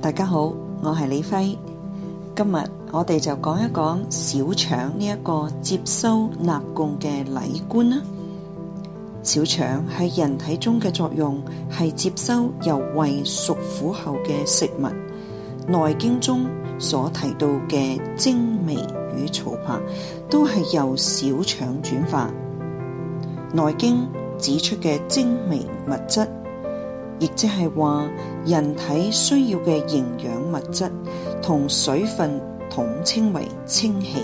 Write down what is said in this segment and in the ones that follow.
大家好，我係李輝，今日我哋就講一講小腸呢一個接收納貢嘅禮官啦。小腸喺人體中嘅作用係接收由胃腐熟後嘅食物，《內經》中所提到嘅精微與糟粕，都係由小腸轉化。《內經》指出嘅精微物質。亦即係話，人體需要嘅營養物質同水分統稱為清氣。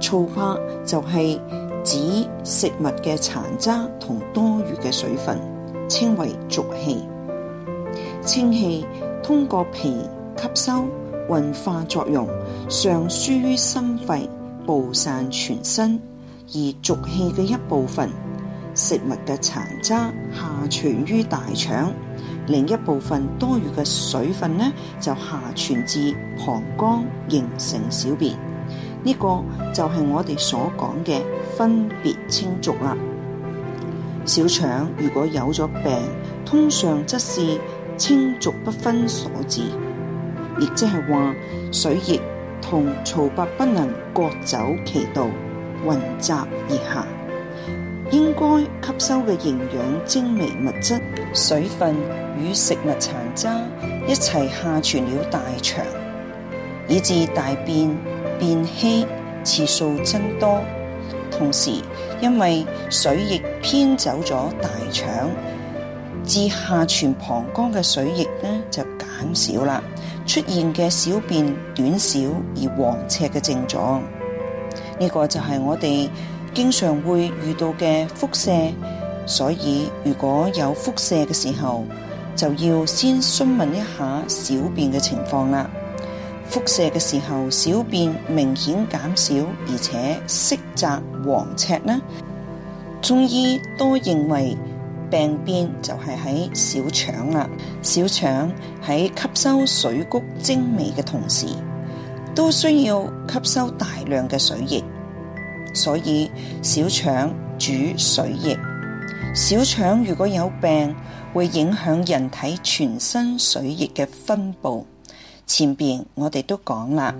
糟粕就係指食物嘅殘渣同多餘嘅水分，稱為濁氣。清氣通過脾吸收、運化作用，上輸於心肺，布散全身；而濁氣嘅一部分。食物嘅殘渣下傳於大腸，另一部分多餘嘅水分呢就下傳至膀胱，形成小便。呢、這個就係我哋所講嘅分別清濁啦。小腸如果有咗病，通常則是清濁不分所致，亦即係話水液同糟粕不能各走其道，混雜而下。應該吸收嘅營養、精微物質、水分與食物殘渣一齊下傳了大腸，以致大便變稀、次數增多。同時，因為水液偏走咗大腸，至下傳膀胱嘅水液呢就減少啦，出現嘅小便短小而黃赤嘅症狀。呢、這個就係我哋。經常會遇到嘅腹瀉，所以如果有腹瀉嘅時候，就要先詢問一下小便嘅情況啦。腹瀉嘅時候，小便明顯減少，而且色澤黃赤呢？中醫多認為病變就係喺小腸啦。小腸喺吸收水谷精微嘅同時，都需要吸收大量嘅水液。所以小腸主水液，小腸如果有病，會影響人體全身水液嘅分布。前邊我哋都講啦，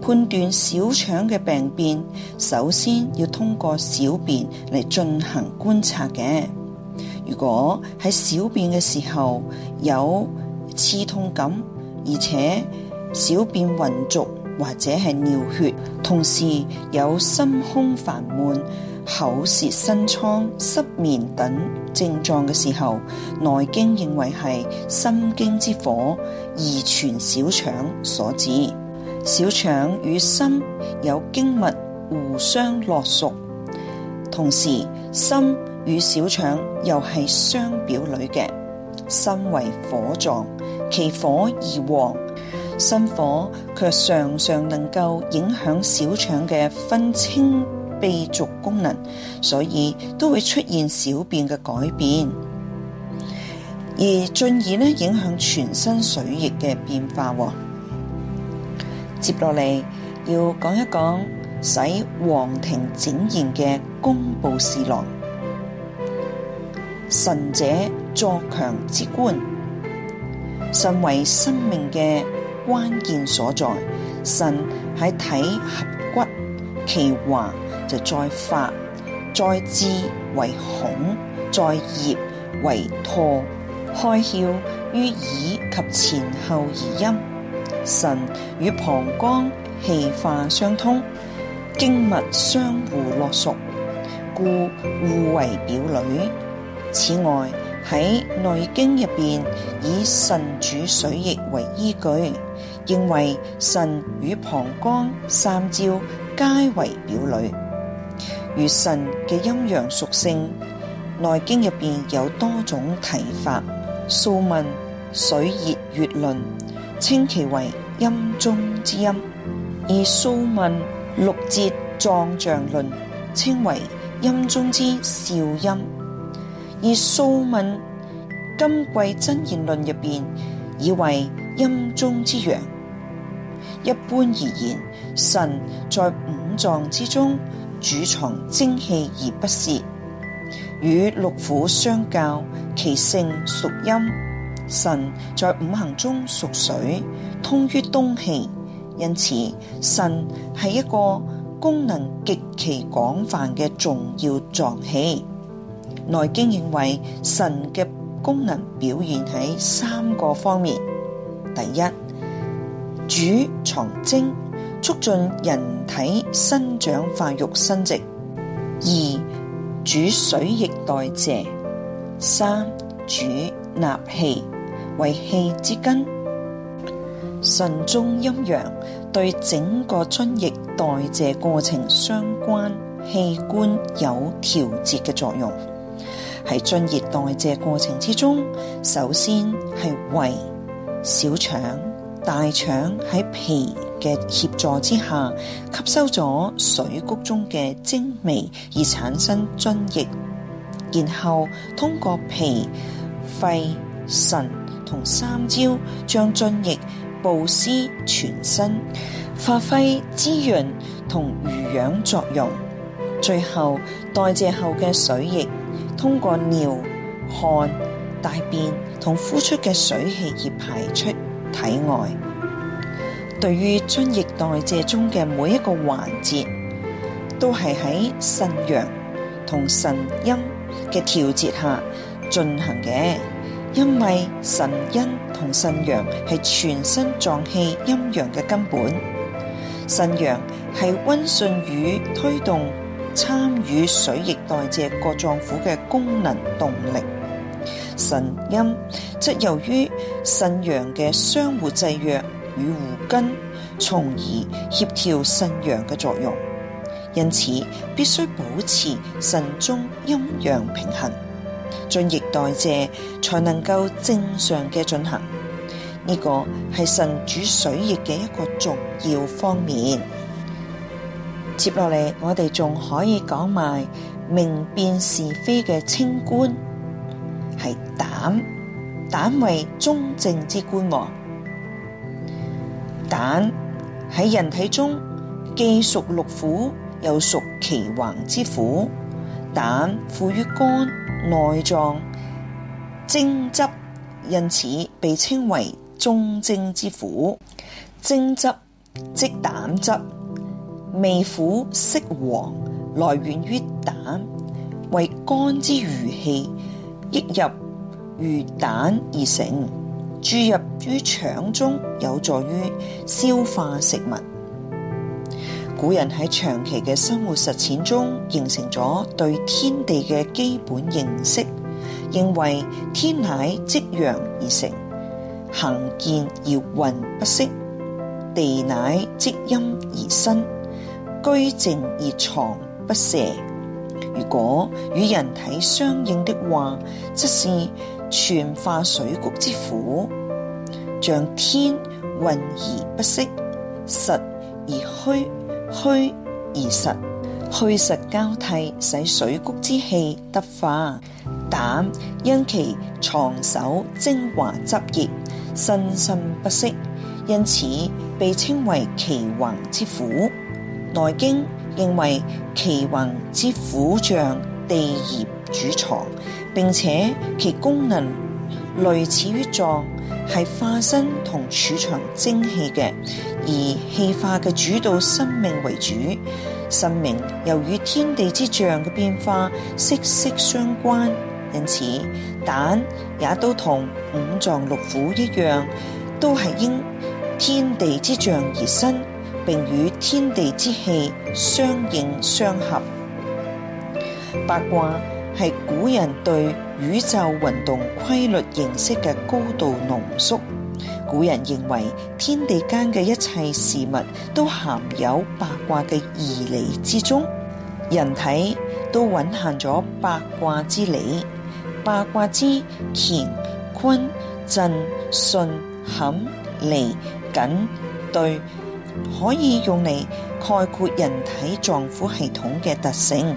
判斷小腸嘅病變，首先要通過小便嚟進行觀察嘅。如果喺小便嘅時候有刺痛感，而且小便渾濁。或者係尿血，同時有心胸煩悶、口舌生瘡、失眠等症狀嘅時候，內經認為係心經之火而傳小腸所致。小腸與心有經脈互相絡屬，同時心與小腸又係相表裏嘅，心為火臟，其火而旺。心火卻常常能夠影響小腸嘅分清泌濁功能，所以都會出現小便嘅改變，而進而呢，影響全身水液嘅變化。接落嚟要講一講使皇庭展現嘅公部侍郎，腎者作強之官，身為生命嘅。關鍵所在，腎喺體合骨，其華就再髮，再志為恐，再液為唾，開竅於耳及前後二陰。腎與膀胱氣化相通，經脈相互絡屬，故互為表裏。此外喺內經入邊，以腎主水液為依據。認為腎與膀胱三焦皆為表裏。如腎嘅陰陽屬性，《內經》入邊有多種提法。素問水熱月論稱其為陰中之陰，而素問六節臟象論稱為陰中之少陰，而素問金匱真言論入邊以為陰中之陽。一般而言，腎在五臟之中主藏精氣而不泄，與六腑相較，其性屬陰。腎在五行中屬水，通於冬氣，因此腎係一個功能極其廣泛嘅重要臟器。《內經》認為腎嘅功能表現喺三個方面。第一。主藏精，促進人體生長發育、生殖；二主水液代謝；三主納氣，為氣之根。腎中陰陽對整個津液代謝過程相關器官有調節嘅作用，喺津液代謝過程之中，首先係胃、小腸。大腸喺脾嘅協助之下，吸收咗水谷中嘅精微而產生津液，然後通過脾、肺、腎同三焦將津液布施全身，發揮滋潤同濡養作用。最後代謝後嘅水液通過尿、汗、大便同呼出嘅水氣而排出。體外對於津液代謝中嘅每一個環節，都係喺腎陽同腎陰嘅調節下進行嘅。因為腎陰同腎陽係全身臟器陰陽嘅根本，腎陽係溫順與推動參與水液代謝各臟腑嘅功能動力。神陰則由於腎陽嘅相互制約與互根，從而協調腎陽嘅作用。因此，必須保持腎中陰陽平衡，津液代謝才能夠正常嘅進行。呢、這個係腎主水液嘅一個重要方面。接落嚟，我哋仲可以講埋明辨是非嘅清官。膽膽為中正之官，王。膽喺人體中既屬六腑，又屬奇恒之腑。膽附於肝內藏精汁，因此被稱為中精之腑。精汁即膽汁，味苦色黃，來源於膽，為肝之餘氣，溢入。於膽而成，注入於腸中，有助於消化食物。古人喺長期嘅生活實踐中，形成咗對天地嘅基本認識，認為天乃積陽而成，行健而運不息；地乃積陰而生，居靜而藏不泄。如果與人體相應的話，則是。傳化水谷之腑，像天運而不息，實而虛，虛而實，虛實交替，使水谷之氣得化。膽因其藏守精華汁液，生生不息，因此被稱為奇恆之腑。《內經》認為奇恆之腑象地穴主藏。並且其功能類似於臟，係化身同儲藏精氣嘅，而氣化嘅主導生命為主。生命又與天地之象嘅變化息息相關，因此膽也都同五臟六腑一樣，都係因天地之象而生，並與天地之氣相應相合。八卦。係古人對宇宙運動規律認識嘅高度濃縮。古人認為天地間嘅一切事物都含有八卦嘅義理之中，人體都蘊含咗八卦之理。八卦之乾、坤、震、巽、坎、離、艮、兌，可以用嚟概括人體臟腑系統嘅特性。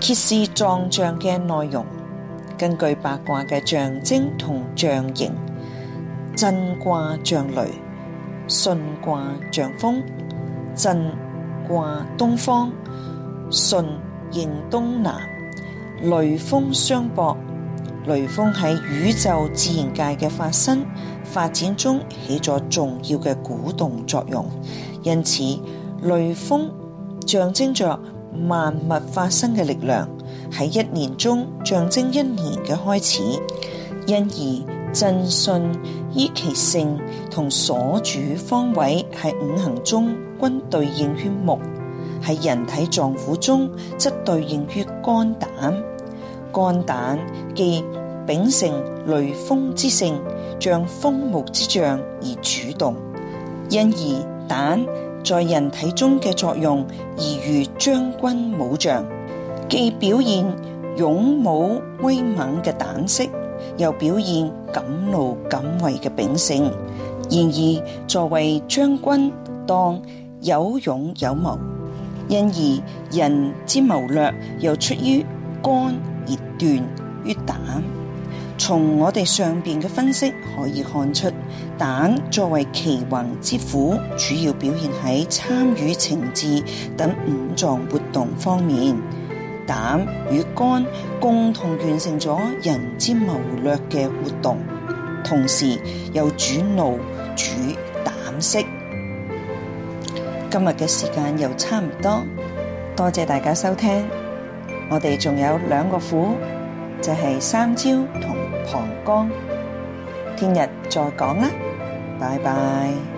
揭示藏象嘅內容，根據八卦嘅象徵同象形，震卦象雷，巽卦象風，震卦東方，巽應東南，雷風相搏。雷風喺宇宙自然界嘅發生發展中起咗重要嘅鼓動作用，因此雷風象徵着。萬物發生嘅力量，喺一年中象徵一年嘅開始。因而震巽依其性同所主方位，喺五行中均對應於木，喺人體臟腑中則對應於肝膽。肝膽既秉承雷風之性，像風木之象而主動，因而膽。在人體中嘅作用，而如將軍武將，既表現勇武威猛嘅膽識，又表現敢怒敢為嘅秉性。然而，作為將軍，當有勇有謀。因而，人之謀略又出於肝而斷於膽。從我哋上邊嘅分析可以看出，膽作為奇恒之腑，主要表現喺參與情志等五臟活動方面。膽與肝共同完成咗人之謀略嘅活動，同時又主怒、主膽色。今日嘅時間又差唔多，多謝大家收聽。我哋仲有兩個腑，就係、是、三焦同。膀胱，聽日再講啦，拜拜。